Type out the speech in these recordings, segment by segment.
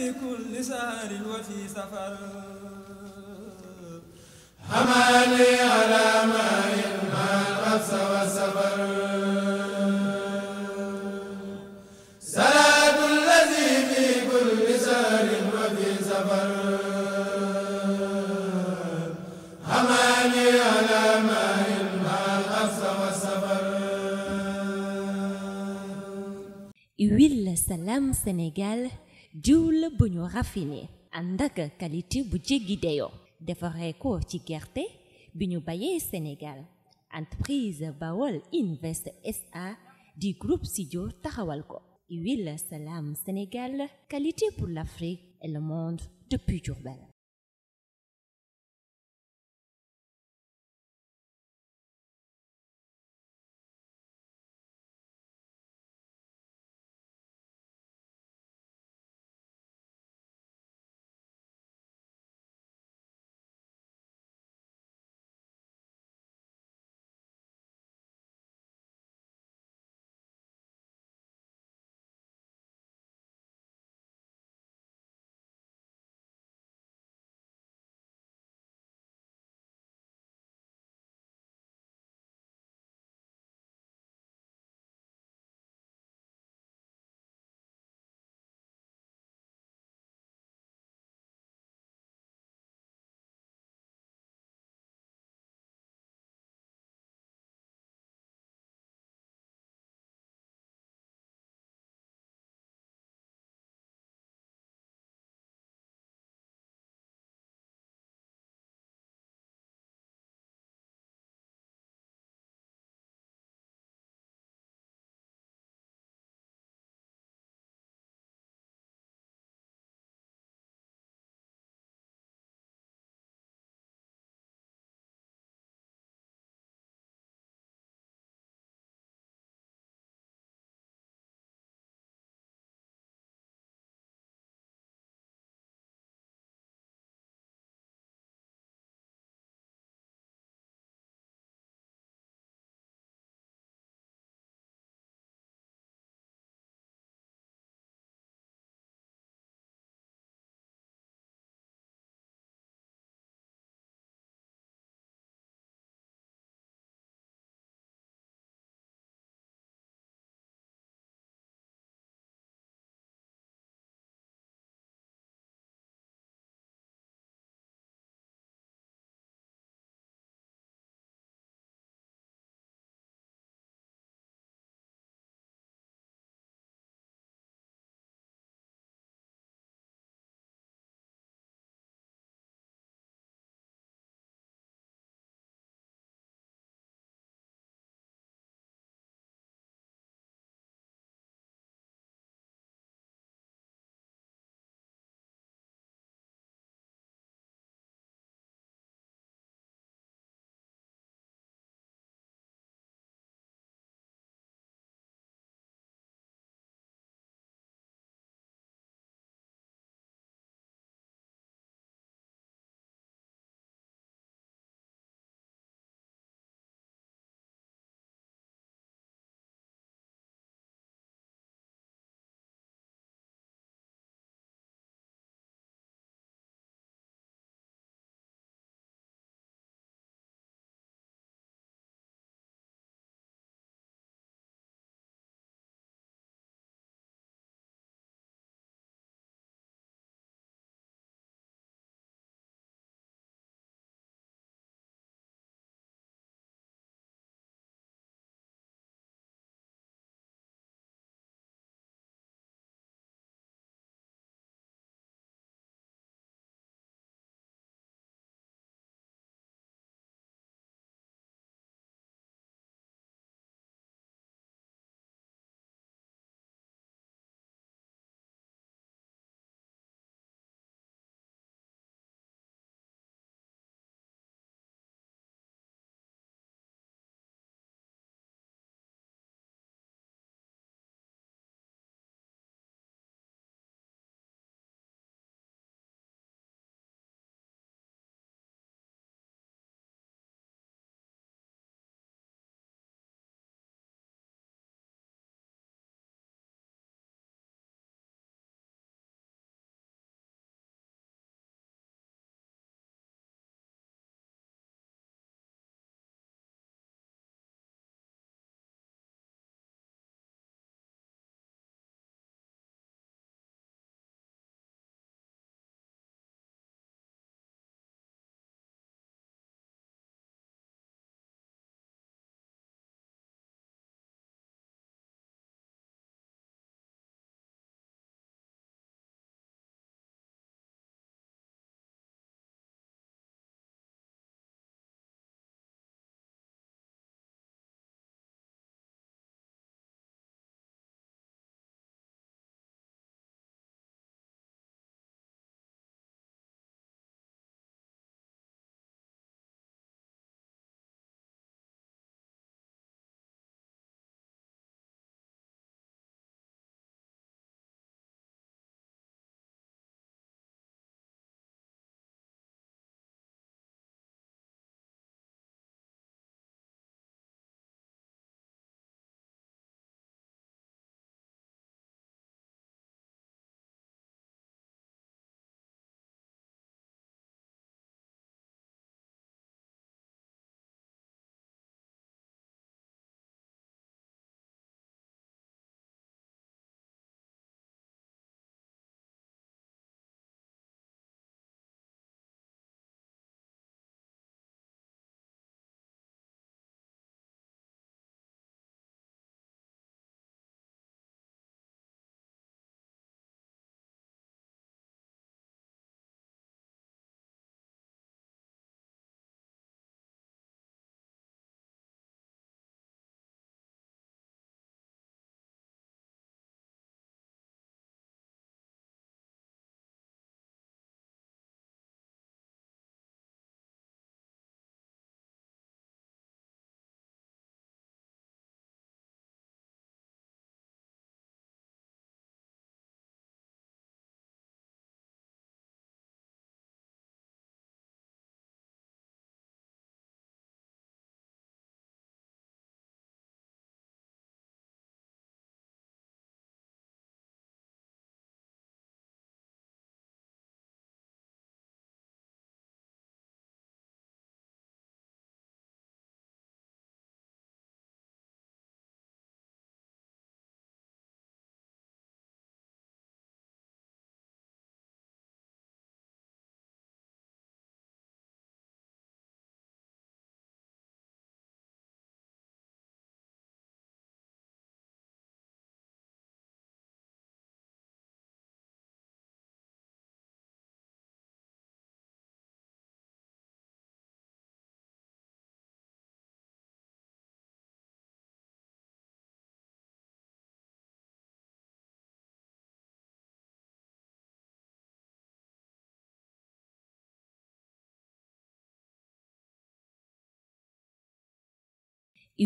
في كل سهر وفي سفر حمالي على ماء مع الأبس والسفر صلاة الذي في كل سهر وفي سفر حمالي على ماء مع الأبس والسفر Huile Salam Sénégal diw la bu ñu raffiné ànd ak qualité bu jéggi dayoo defaree ko ci gerte bi ñu bayee Sénégal entreprise Bawol Invest SA di groupe Sidio taxawal ko huile Salam Sénégal qualité pour l'Afrique et le monde depuis Diourbel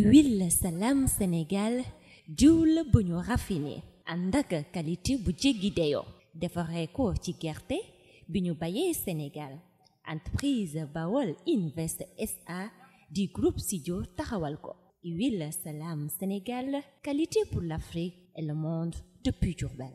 huile la Salam Sénégal diw la bu ñu raffiné ànd ak qualité bu jéggi dayoo defaree ko ci gerte bi ñu bayee Sénégal entreprise Bawol Invest SA di groupe Sidio taxawal ko huile Salam Sénégal qualité pour l'Afrique et le monde depuis Diourbel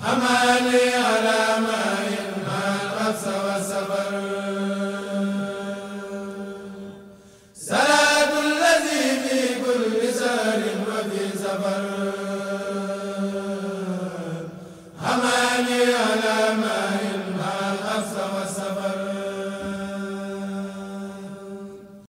hamani ala ma in ma al absa wa safar